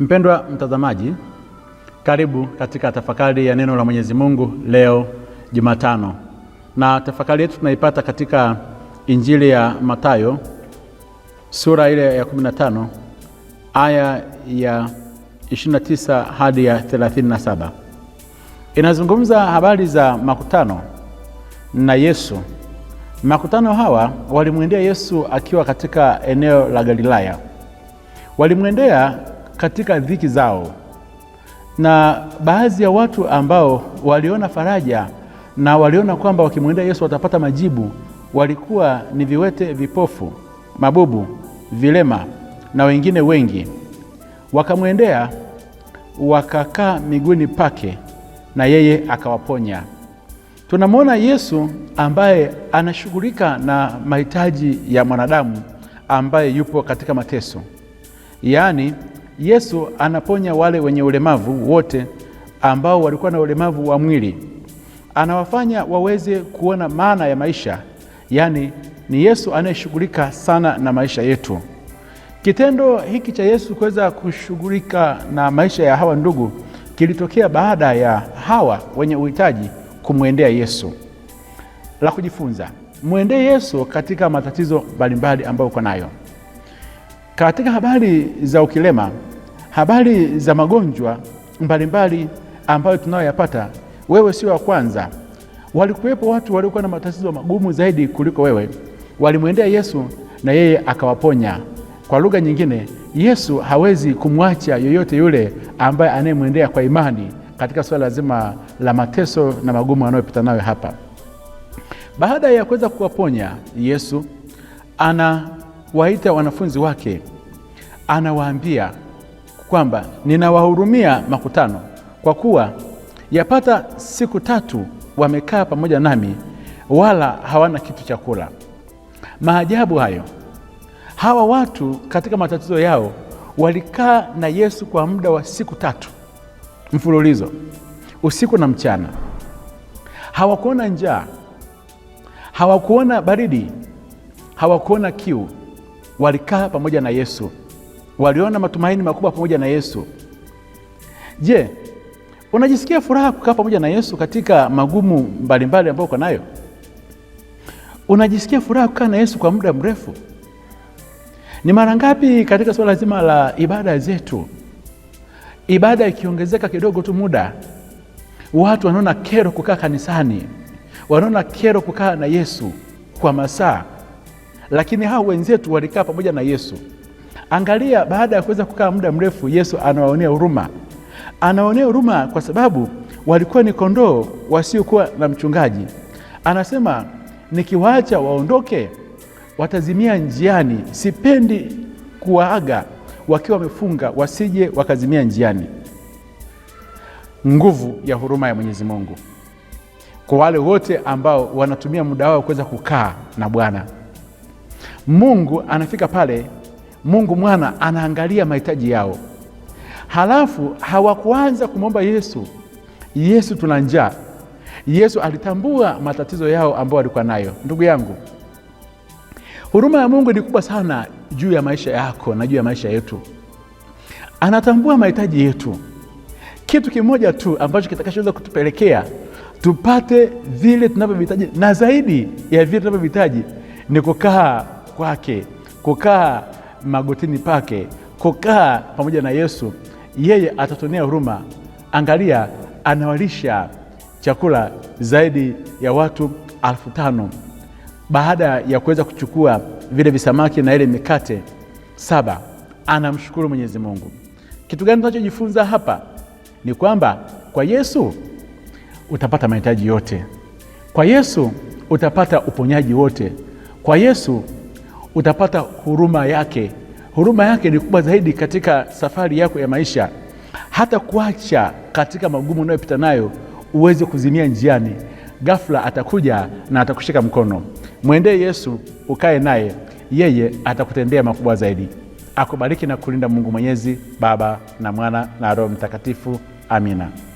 Mpendwa mtazamaji, karibu katika tafakari ya neno la Mwenyezi Mungu leo Jumatano, na tafakari yetu tunaipata katika Injili ya Mathayo sura ile ya 15 aya ya 29 hadi ya 37. Inazungumza habari za makutano na Yesu. Makutano hawa walimwendea Yesu akiwa katika eneo la Galilaya, walimwendea katika dhiki zao, na baadhi ya watu ambao waliona faraja na waliona kwamba wakimwendea Yesu watapata majibu walikuwa ni viwete, vipofu, mabubu, vilema na wengine wengi. Wakamwendea, wakakaa miguuni pake na yeye akawaponya. Tunamwona Yesu ambaye anashughulika na mahitaji ya mwanadamu ambaye yupo katika mateso, yaani Yesu anaponya wale wenye ulemavu wote ambao walikuwa na ulemavu wa mwili, anawafanya waweze kuona maana ya maisha. Yaani ni Yesu anayeshughulika sana na maisha yetu. Kitendo hiki cha Yesu kuweza kushughulika na maisha ya hawa ndugu kilitokea baada ya hawa wenye uhitaji kumwendea Yesu. La kujifunza, mwendee Yesu katika matatizo mbalimbali ambayo uko nayo. Katika habari za ukilema habari za magonjwa mbalimbali ambayo tunayoyapata, wewe sio wa kwanza. Walikuwepo watu waliokuwa na matatizo magumu zaidi kuliko wewe, walimwendea Yesu na yeye akawaponya. Kwa lugha nyingine, Yesu hawezi kumwacha yoyote yule ambaye anayemwendea kwa imani katika swala zima la mateso na magumu anayopita nayo hapa. Baada ya kuweza kuwaponya, Yesu anawaita wanafunzi wake, anawaambia kwamba ninawahurumia makutano, kwa kuwa yapata siku tatu wamekaa pamoja nami, wala hawana kitu cha kula. Maajabu hayo! Hawa watu katika matatizo yao walikaa na Yesu kwa muda wa siku tatu mfululizo, usiku na mchana. Hawakuona njaa, hawakuona baridi, hawakuona kiu. Walikaa pamoja na Yesu waliona matumaini makubwa pamoja na Yesu. Je, unajisikia furaha kukaa pamoja na Yesu katika magumu mbalimbali ambayo uko nayo? Unajisikia furaha kukaa na Yesu kwa muda mrefu? Ni mara ngapi katika swala zima la ibada zetu, ibada ikiongezeka kidogo tu muda, watu wanaona kero kukaa kanisani, wanaona kero kukaa na Yesu kwa masaa, lakini hao wenzetu walikaa pamoja na Yesu. Angalia, baada ya kuweza kukaa muda mrefu, Yesu anawaonea huruma. Anawaonea huruma kwa sababu walikuwa ni kondoo wasiokuwa na mchungaji. Anasema, nikiwaacha waondoke watazimia njiani, sipendi kuwaaga wakiwa wamefunga, wasije wakazimia njiani. Nguvu ya huruma ya Mwenyezi Mungu kwa wale wote ambao wanatumia muda wao kuweza kukaa na Bwana. Mungu anafika pale Mungu Mwana anaangalia mahitaji yao, halafu hawakuanza kumwomba Yesu, Yesu tuna njaa. Yesu alitambua matatizo yao ambayo walikuwa nayo. Ndugu yangu, huruma ya Mungu ni kubwa sana juu ya maisha yako na juu ya maisha yetu. Anatambua mahitaji yetu. Kitu kimoja tu ambacho kitakachoweza kutupelekea tupate vile tunavyovihitaji na zaidi ya vile tunavyovihitaji ni kukaa kwake, kukaa magotini pake, kukaa pamoja na Yesu, yeye atatonea huruma. Angalia, anawalisha chakula zaidi ya watu alfu tano baada ya kuweza kuchukua vile visamaki na ile mikate saba, anamshukuru Mwenyezi Mungu. Kitu gani tunachojifunza hapa ni kwamba kwa Yesu utapata mahitaji yote, kwa Yesu utapata uponyaji wote, kwa Yesu utapata huruma yake Huruma yake ni kubwa zaidi katika safari yako ya maisha, hata kuacha katika magumu unayopita nayo uweze kuzimia njiani. Ghafla atakuja na atakushika mkono. Mwendee Yesu, ukae naye, yeye atakutendea makubwa zaidi. Akubariki na kulinda Mungu Mwenyezi, Baba na Mwana na Roho Mtakatifu. Amina.